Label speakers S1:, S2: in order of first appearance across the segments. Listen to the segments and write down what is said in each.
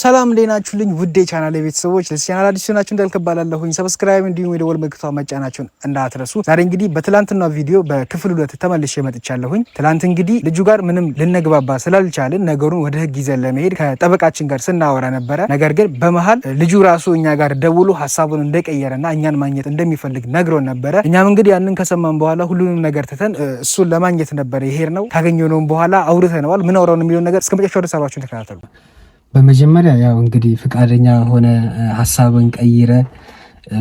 S1: ሰላም ሌናችሁልኝ ውዴ ቻናል የቤተሰቦች ለዚህ ቻናል አዲስ ሲሆናችሁ እንዳልከባላለሁኝ ሰብስክራይብ እንዲሁም የደወል ምልክቷ መጫናችሁን እንዳትረሱ። ዛሬ እንግዲህ በትላንትና ቪዲዮ በክፍል ሁለት ተመልሼ መጥቻለሁኝ። ትላንት እንግዲህ ልጁ ጋር ምንም ልነግባባ ስላልቻልን ነገሩን ወደ ህግ ይዘን ለመሄድ ከጠበቃችን ጋር ስናወራ ነበረ። ነገር ግን በመሀል ልጁ ራሱ እኛ ጋር ደውሎ ሀሳቡን እንደቀየረና እኛን ማግኘት እንደሚፈልግ ነግሮን ነበረ። እኛም እንግዲህ ያንን ከሰማን በኋላ ሁሉንም ነገር ትተን እሱን ለማግኘት ነበረ ይሄድ ነው። ካገኘነውም በኋላ አውርተነዋል። ምን አውራውን የሚለውን ነገር እስከ መጨረሻ ወደ ሰባችሁን ተከታተሉ።
S2: በመጀመሪያ ያው እንግዲህ ፍቃደኛ ሆነ ሀሳብን ቀይረ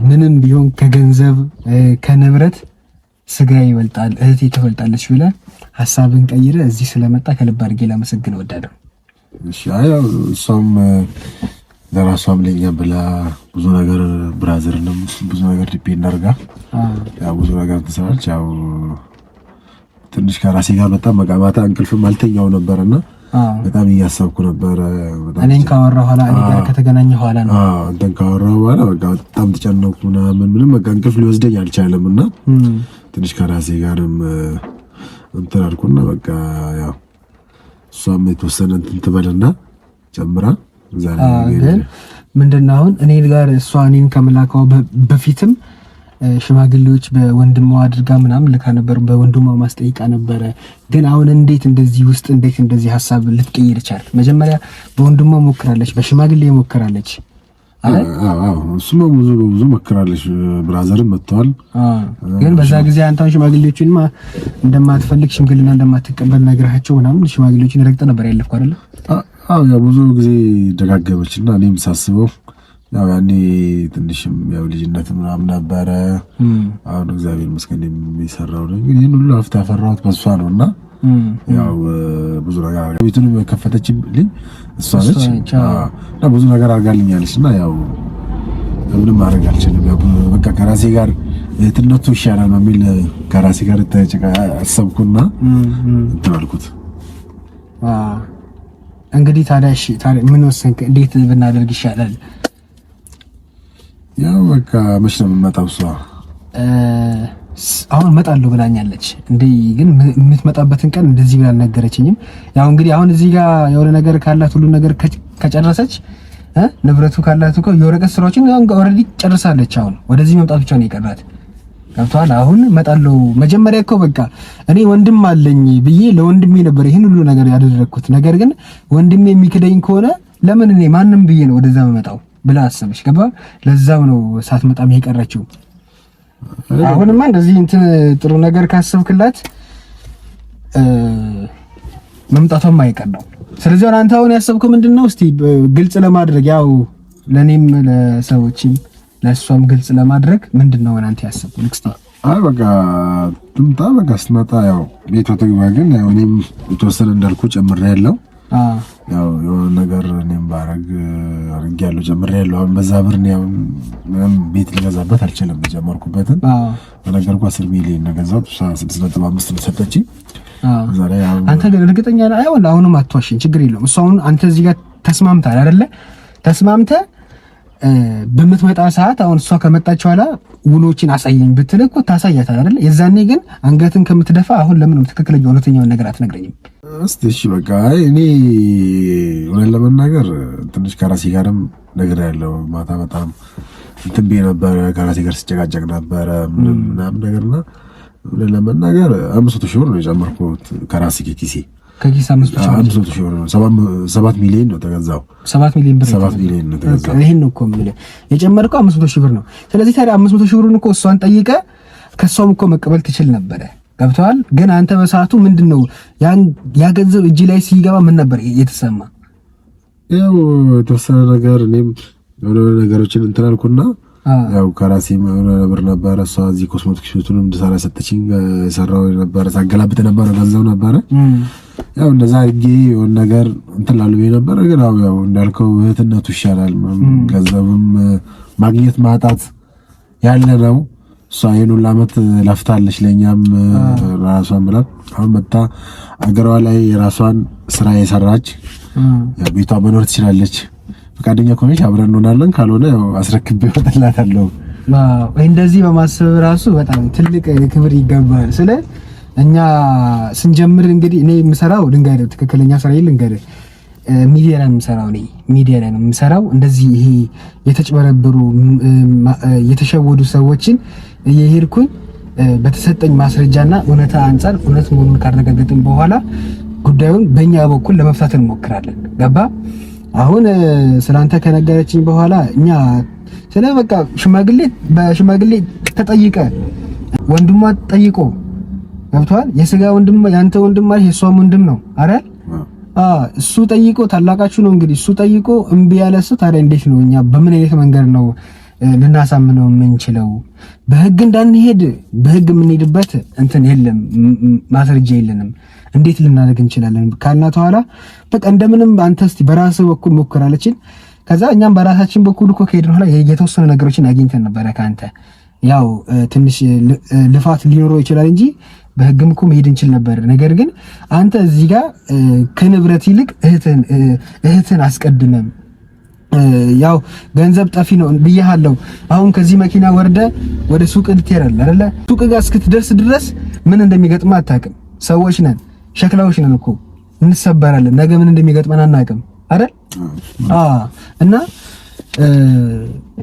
S2: ምንም ቢሆን ከገንዘብ ከንብረት ስጋ ይበልጣል እህቴ ትበልጣለች ብለ ሀሳብን ቀይረ እዚህ ስለመጣ ከልብ አድርጌ ላመሰግን ወዳለሁ።
S3: እሷም ለራሷም ለኛ ብላ ብዙ ነገር ብራዘርንም ብዙ ነገር ዲፔ እናርጋ ብዙ ነገር ትሰራች። ያው ትንሽ ከራሴ ጋር በጣም መቃማታ እንቅልፍም አልተኛው ነበርና በጣም እያሰብኩ ነበረ።
S2: እኔን ካወራ ኋላ እኔ ጋር ከተገናኘ ኋላ
S3: ነው እንትን ካወራ በኋላ በቃ በጣም ተጨነኩ ምናምን ምንም በቃ እንቅልፍ ሊወስደኝ አልቻለም። እና ትንሽ ከራሴ ጋርም እንትን አልኩና በቃ ያው እሷም የተወሰነ እንትን ትበልና ጨምራ ግን
S2: ምንድን ነው አሁን እኔ ጋር እሷ እኔን ከምላከው በፊትም ሽማግሌዎች በወንድሟ አድርጋ ምናምን ልካ ነበር፣ በወንድሟ ማስጠይቃ ነበረ። ግን አሁን እንዴት እንደዚህ ውስጥ እንዴት እንደዚህ ሀሳብ ልትቀይር ይቻል? መጀመሪያ በወንድሟ ሞክራለች፣ በሽማግሌ ሞክራለች፣
S3: እሱማ ብዙ ብዙ ሞክራለች። ብራዘርም መጥተዋል።
S2: ግን በዛ ጊዜ አንተን ሽማግሌዎችንማ እንደማትፈልግ ሽምግልና እንደማትቀበል ነግራቸው ምናምን ሽማግሌዎችን ረግጠ ነበር ያለፍኩ አይደለ?
S3: ብዙ ጊዜ ደጋገመችና እኔም ሳስበው ያው ያኔ ትንሽም ያው ልጅነት ምናምን ነበረ። አሁን እግዚአብሔር ይመስገን የሚሰራው ነው። ግን ይህን ሁሉ ሀብት ያፈራሁት በእሷ ነው እና ያው ብዙ ነገር ቤቱን የከፈተችልኝ እሷ ነች እና ብዙ ነገር አድርጋልኛለች። እና ያው ምንም ማድረግ አልችልም። በቃ ከራሴ ጋር የትነቱ ይሻላል በሚል ከራሴ ጋር አሰብኩና እንትን አልኩት።
S2: እንግዲህ ታዲያ ምን ወሰንክ? እንዴት ብናደርግ ይሻላል?
S3: ያው በቃ መች ነው የምመጣው?
S2: እሷ አሁን እመጣለሁ ብላኛለች። እንዴ ግን የምትመጣበትን ቀን እንደዚህ ብላ አልነገረችኝም። ያው እንግዲህ አሁን እዚህ ጋር የሆነ ነገር ካላት ሁሉ ነገር ከጨረሰች ንብረቱ ካላት እኮ የወረቀት ስራዎችን ኦልሬዲ ጨርሳለች። አሁን ወደዚህ መምጣት ብቻ ነው የቀራት። ገብቷል። አሁን እመጣለሁ። መጀመሪያ እኮ በቃ እኔ ወንድም አለኝ ብዬ ለወንድሜ ነበር ይህን ሁሉ ነገር ያደረግኩት። ነገር ግን ወንድሜ የሚክደኝ ከሆነ ለምን እኔ ማንም ብዬ ነው ወደዛ መጣው ብላ አሰበች። ገባ ለዛው ነው ሳትመጣም የቀረችው። አሁንማ እንደዚህ እንትን ጥሩ ነገር ካሰብክላት መምጣቷም አይቀር ነው። ስለዚህ አሁን አንተ አሁን ያሰብከው ምንድን ነው? እስቲ ግልጽ ለማድረግ ያው ለኔም ለሰዎችም ለእሷም ግልጽ ለማድረግ ምንድን ነው አንተ ያሰብከው? ልክስታ
S3: አይ በቃ ትምጣ፣ በቃ ስትመጣ ያው ቤቷ ትግባ። ግን ያው እኔም የተወሰነ እንዳልኩ ጨምሬ ያለው ያው የሆነ ነገር እኔም ባረግ አርግ ያለው ጀምር ያለው አሁን በዛ ብር ምንም ቤት ልገዛበት አልችልም። ጀመርኩበትን በነገር ኳ አስር ሚሊዮን ነገዛው የገዛሁት። ስድስት ነጥብ አምስት ነው የሰጠችኝ።
S2: አንተ እርግጠኛ ነህ? አሁንም አትዋሽኝ፣ ችግር የለውም። እሱ አሁን አንተ እዚህ ጋር ተስማምተሃል አይደለ? ተስማምተህ በምትመጣ ሰዓት አሁን እሷ ከመጣች ኋላ ውሎችን አሳየኝ ብትል እኮ ታሳያት አይደል? የዛኔ ግን አንገትን ከምትደፋ አሁን ለምን ነው ትክክለኛ እውነተኛውን ነገር አትነግረኝም?
S3: እስቲ እሺ በቃ እኔ እውነት ለመናገር ትንሽ ከራሴ ጋርም ነገር ያለው ማታ በጣም እንትን ብዬ ነበረ። ከራሴ ጋር ስጨቃጨቅ ነበረ ምናምን ነገርና ለመናገር አምስቱ ሺህ ብር ነው የጨመርኩት ከራሴ ኪሴ ከኪስ አምስት ብር ነው። ሰባት ሚሊዮን ነው ተገዛው። ሰባት ሚሊዮን ብር ሰባት ሚሊዮን ነው ተገዛው።
S2: ይሄን ነው እኮ የምልህ የጨመርከው አምስት መቶ ሺህ ብር ነው። ስለዚህ ታዲያ አምስት መቶ ሺህ ብሩን እኮ እሷን ጠይቀ ከእሷም እኮ መቀበል ትችል ነበረ። ገብተዋል። ግን አንተ በሰዓቱ ምንድን ነው ያ ገንዘብ እጅ ላይ ሲገባ ምን ነበር የተሰማ?
S3: ያው የተወሰነ ነገር እኔም የሆነ ነገሮችን እንትን አልኩና ያው ከራሴ ነብር ነበረ እሷ እዚህ ኮስሞቲክ ቤቱን እንድሰራ ሰጠችኝ። የሰራው ነበረ ሳገላብጥ ነበረ ገንዘብ ነበረ። ያው እንደዛ አድርጌ የሆነ ነገር እንትን ላሉ ነበረ። ግን ያው እንዳልከው እህትነቱ ይሻላል። ገንዘብም ማግኘት ማጣት ያለ ነው። እሷ ይሄን ሁሉ ዓመት ለፍታለች፣ ለእኛም ራሷን ብላ አሁን መታ አገሯ ላይ የራሷን ስራ የሰራች ቤቷ መኖር ትችላለች። ፈቃደኛ ከሆነች አብረን እንሆናለን፣ ካልሆነ አስረክቤ እወጣላታለሁ።
S2: እንደዚህ በማሰብ ራሱ በጣም ትልቅ ክብር ይገባል። ስለ እኛ ስንጀምር እንግዲህ እኔ የምሰራው ድንጋይ ትክክለኛ ስራ ልንገርህ፣ ሚዲያ ላይ የምሰራው እኔ ሚዲያ ላይ ነው የምሰራው። እንደዚህ ይሄ የተጭበረበሩ የተሸወዱ ሰዎችን እየሄድኩኝ በተሰጠኝ ማስረጃና እውነታ አንጻር እውነት መሆኑን ካረጋገጥን በኋላ ጉዳዩን በእኛ በኩል ለመፍታት እንሞክራለን። ገባ አሁን ስላንተ ከነገረችኝ በኋላ እኛ ስለ በቃ ሽማግሌ በሽማግሌ ተጠይቀ ወንድሟ ጠይቆ ገብቷል። የስጋ ወንድም ያንተ ወንድም አይደል? የሷም ወንድም ነው አይደል? እሱ ጠይቆ ታላቃችሁ ነው እንግዲህ እሱ ጠይቆ እምቢ ያለ እሱ ታዲያ እንዴት ነው እኛ በምን አይነት መንገድ ነው ልናሳምነው የምንችለው? በህግ እንዳንሄድ በህግ የምንሄድበት እንትን የለም፣ ማስረጃ የለንም። እንዴት ልናደርግ እንችላለን ካልናት በኋላ በቃ እንደምንም አንተ እስኪ በራስህ በኩል ሞክራለችን። ከዛ እኛም በራሳችን በኩል እኮ ከሄድን ኋላ የተወሰኑ ነገሮችን አግኝተን ነበረ ከአንተ ያው ትንሽ ልፋት ሊኖረው ይችላል እንጂ በህግም እኮ መሄድ እንችል ነበር። ነገር ግን አንተ እዚህ ጋር ከንብረት ይልቅ እህትን አስቀድመም ያው ገንዘብ ጠፊ ነው ብያሃለው። አሁን ከዚህ መኪና ወርደ ወደ ሱቅ ልትሄዳለህ አይደለ? ሱቅ ጋር እስክትደርስ ድረስ ምን እንደሚገጥመ አታውቅም። ሰዎች ነን ሸክላዎች ነን እኮ እንሰበራለን። ነገ ምን እንደሚገጥመን አናውቅም አይደል? አዎ። እና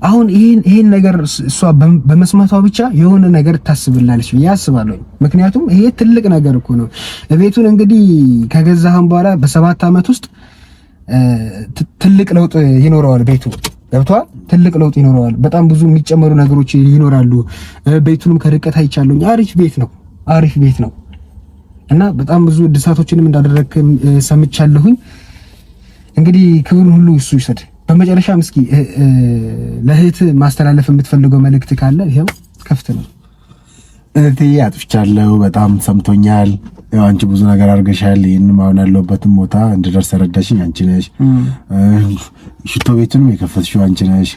S2: አሁን ይሄን ይሄን ነገር እሷ በመስማቷ ብቻ የሆነ ነገር ታስብላለች ብዬ አስባለሁ። ምክንያቱም ይሄ ትልቅ ነገር እኮ ነው። ቤቱን እንግዲህ ከገዛህም በኋላ በሰባት ዓመት ውስጥ ትልቅ ለውጥ ይኖረዋል ቤቱ ገብቷል። ትልቅ ለውጥ ይኖረዋል። በጣም ብዙ የሚጨመሩ ነገሮች ይኖራሉ። ቤቱንም ከርቀት አይቻለሁ። አሪፍ ቤት ነው። አሪፍ ቤት ነው። እና በጣም ብዙ እድሳቶችንም እንዳደረግ ሰምቻለሁኝ። እንግዲህ ክብሩን ሁሉ እሱ ይውሰድ። በመጨረሻም እስኪ ለእህት ማስተላለፍ የምትፈልገው መልእክት ካለ ይኸው ከፍት ነው።
S3: እህትዬ አጥፍቻለሁ፣ በጣም ሰምቶኛል። አንቺ ብዙ ነገር አድርገሻል። ይህንም አሁን ያለሁበትን ቦታ እንድደርስ ረዳሽኝ አንቺ ነሽ። ሽቶ ቤቱንም የከፈትሽው አንቺ ነሽ።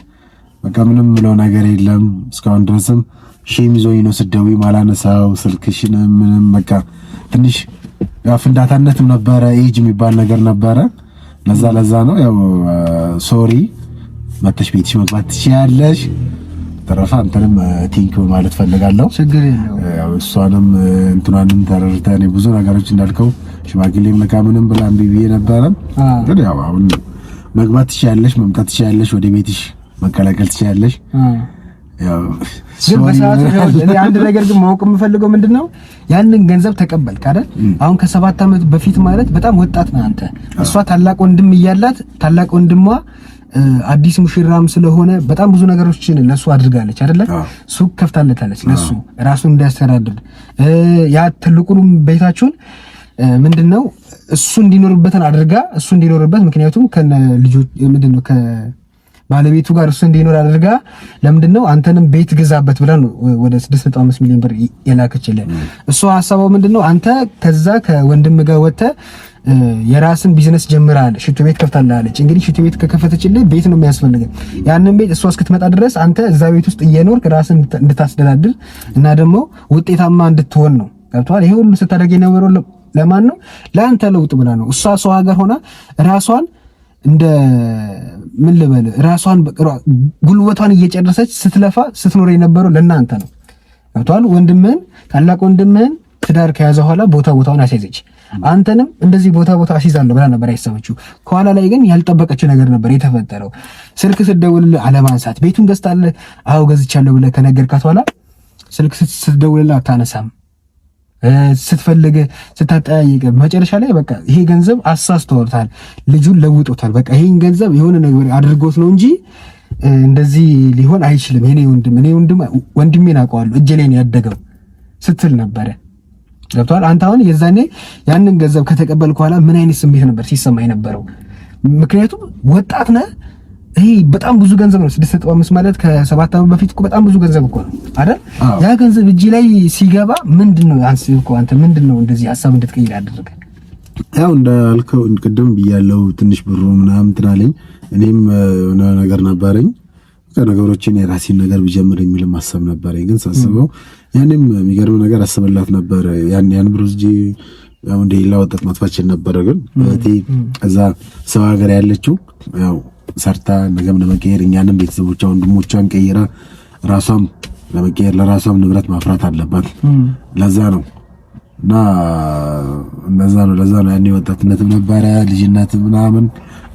S3: በቃ ምንም ምለው ነገር የለም። እስካሁን ድረስም ሼም ይዞኝ ነው ስደዊ ማላነሳው ስልክሽንም ምንም በቃ ትንሽ ፍንዳታነትም ነበረ፣ ኤጅ የሚባል ነገር ነበረ። ለዛ ለዛ ነው ያው ሶሪ። መተሽ ቤትሽ መግባት ትችያለሽ። ተረፈ አንተንም ቲንክ ማለት ፈልጋለሁ። ያው እሷንም እንትናንም ተረርተን ብዙ ነገሮች እንዳልከው ሽማግሌም ምናምንም ብላ እምቢ ብዬ ነበረ። ግን ያው አሁን መግባት ትችያለሽ፣ መምጣት ትችያለሽ፣ ወደ ቤትሽ መቀላቀል ትችያለሽ።
S2: ግን አንድ ነገር ግን ማወቅ የምፈልገው ምንድን ነው፣ ያንን ገንዘብ ተቀበልክ አይደል? አሁን ከሰባት ዓመት በፊት ማለት በጣም ወጣት ነህ አንተ። እሷ ታላቅ ወንድም እያላት ታላቅ ወንድሟ አዲስ ሙሽራም ስለሆነ በጣም ብዙ ነገሮችን ለሱ አድርጋለች አይደለ? ሱቅ ከፍታለታለች ለሱ ራሱን እንዲያስተዳድር ያ ትልቁንም ቤታችሁን ምንድን ነው እሱ እንዲኖርበትን አድርጋ እሱ እንዲኖርበት ምክንያቱም ከነ ልጆች ምንድን ነው ባለቤቱ ጋር እሱ እንዲኖር አድርጋ ለምንድን ነው አንተንም ቤት ግዛበት ብላ ወደ 6.5 ሚሊዮን ብር የላከችልን። እሱ ሀሳቧ ምንድን ነው አንተ ከዛ ከወንድም ጋር ወጥተህ የራስን ቢዝነስ ጀምራል፣ ሽቱ ቤት ከፍታለች። እንግዲህ ሽቱ ቤት ከከፈተችልህ ቤት ነው የሚያስፈልገ። ያንን ቤት እሷ እስክትመጣ ድረስ አንተ እዛ ቤት ውስጥ እየኖርክ ራስን እንድታስደላድል እና ደግሞ ውጤታማ እንድትሆን ነው። ገብቶሃል? ይሄ ሁሉ ስታደርግ የነበረው ለማን ነው? ለአንተ ለውጥ ብላ ነው። እሷ ሰው ሀገር ሆና ራሷን እንደ ምን ልበል ራሷን ጉልበቷን እየጨረሰች ስትለፋ ስትኖር የነበረው ለእናንተ ነው። ገብቶሃል? ወንድምህን ታላቅ ወንድምህን ትዳር ከያዘ ኋላ ቦታ ቦታውን አስያዘች። አንተንም እንደዚህ ቦታ ቦታ አስይዛለሁ ብላ ነበር ያሰበችው። ከኋላ ላይ ግን ያልጠበቀችው ነገር ነበር የተፈጠረው። ስልክ ስትደውል አለማንሳት፣ ቤቱን ገዝታለህ? አዎ ገዝቻለሁ ብለህ ከነገርካት ኋላ ስልክ ስትደውልልህ አታነሳም። ስትፈልግ ስታጠያይቅ መጨረሻ ላይ በቃ ይሄ ገንዘብ አሳስተውታል፣ ልጁን ለውጦታል። በቃ ይሄን ገንዘብ የሆነ ነገር አድርጎት ነው እንጂ እንደዚህ ሊሆን አይችልም። እኔ ወንድም እኔ ወንድም ወንድሜን አውቀዋለሁ እጄ ላይ ነው ያደገው ስትል ነበረ። ገብቷል። አንተ አሁን የዛኔ ያንን ገንዘብ ከተቀበልኩ በኋላ ምን አይነት ስሜት ነበር ሲሰማ የነበረው? ምክንያቱም ወጣት ነህ ይሄ በጣም ብዙ ገንዘብ ነው። ስድስት ነጥብ አምስት ማለት ከሰባት ዓመት በፊት እኮ በጣም ብዙ ገንዘብ እኮ ነው አይደል? ያ ገንዘብ እጅ ላይ ሲገባ ምንድን ነው አንስ እኮ አንተ ምንድን ነው እንደዚህ ሀሳብ እንድትቀይር ያደረገ?
S3: ያው እንዳልከው ቅድም ብያለው ትንሽ ብሩ ምናምን ትናለኝ እኔም የሆነ ነገር ነበረኝ ነገሮችን የራሴን ነገር ብጀምር የሚልም ሀሳብ ነበረኝ። ግን ሳስበው ያንም የሚገርም ነገር አስበላት ነበረ። ያን ያን ብሩ እጅ ያው እንደ ሌላ ወጣት ማጥፋችን ነበረ። ግን እህቴ እዛ ሰው ሀገር ያለችው ያው ሰርታ ነገም ለመቀየር እኛንም ቤተሰቦቿ ወንድሞቿን ቀይራ ራሷም ለመቀየር ለራሷም ንብረት ማፍራት አለባት። ለዛ ነው እና እንደዛ ነው። ለዛ ነው ያኔ ወጣትነትም ነበረ ልጅነትም ምናምን።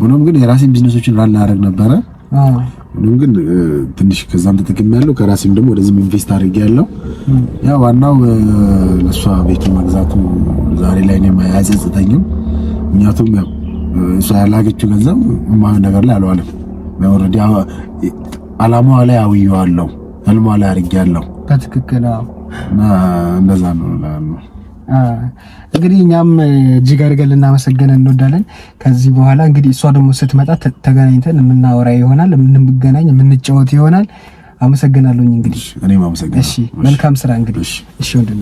S3: ሆኖም ግን የራሴን ቢዝነሶችን ራን ላደርግ ነበረ። ሆኖም ግን ትንሽ ከዛም ተጠቅም ያለው ከራሴም ደግሞ ወደዚህም ኢንቨስት አድርጌ ያለው ያ ዋናው ለእሷ ቤቱ መግዛቱ ዛሬ ላይ እኔም አያጸጽተኝም ምክንያቱም ያው እሷ ያላገችው ገንዘብ ማን ነገር ላይ አልዋለም። ኦልሬዲ አላማዋ ላይ አውየዋለሁ፣ ህልሟ ላይ አድርጌያለሁ። በትክክል እንደዛ ነው።
S2: እንግዲህ እኛም እጅግ አድርገን ልናመሰገን እንወዳለን። ከዚህ በኋላ እንግዲህ እሷ ደግሞ ስትመጣ ተገናኝተን የምናወራ ይሆናል፣ የምንገናኝ የምንጫወት ይሆናል። አመሰግናለሁኝ። እንግዲህ
S3: እኔም አመሰግናለሁ። እሺ፣
S2: መልካም ስራ እንግዲህ። እሺ ወንድሜ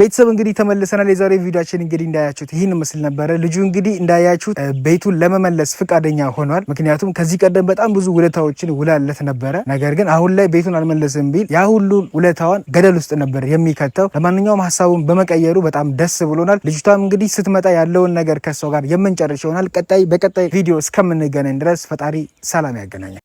S2: ቤተሰብ እንግዲህ ተመልሰናል። የዛሬ ቪዲዮችን እንግዲህ እንዳያችሁት ይህን ምስል ነበረ። ልጁ እንግዲህ እንዳያችሁት ቤቱን ለመመለስ ፍቃደኛ ሆኗል። ምክንያቱም ከዚህ ቀደም በጣም ብዙ ውለታዎችን ውላለት ነበረ። ነገር ግን አሁን ላይ ቤቱን አልመለስም ቢል ያ ሁሉ ውለታዋን ገደል ውስጥ ነበር የሚከተው። ለማንኛውም ሀሳቡን በመቀየሩ በጣም ደስ ብሎናል። ልጅቷም እንግዲህ ስትመጣ ያለውን ነገር ከሷ ጋር የምንጨርስ ይሆናል። ቀጣይ በቀጣይ ቪዲዮ እስከምንገናኝ ድረስ ፈጣሪ ሰላም ያገናኛል።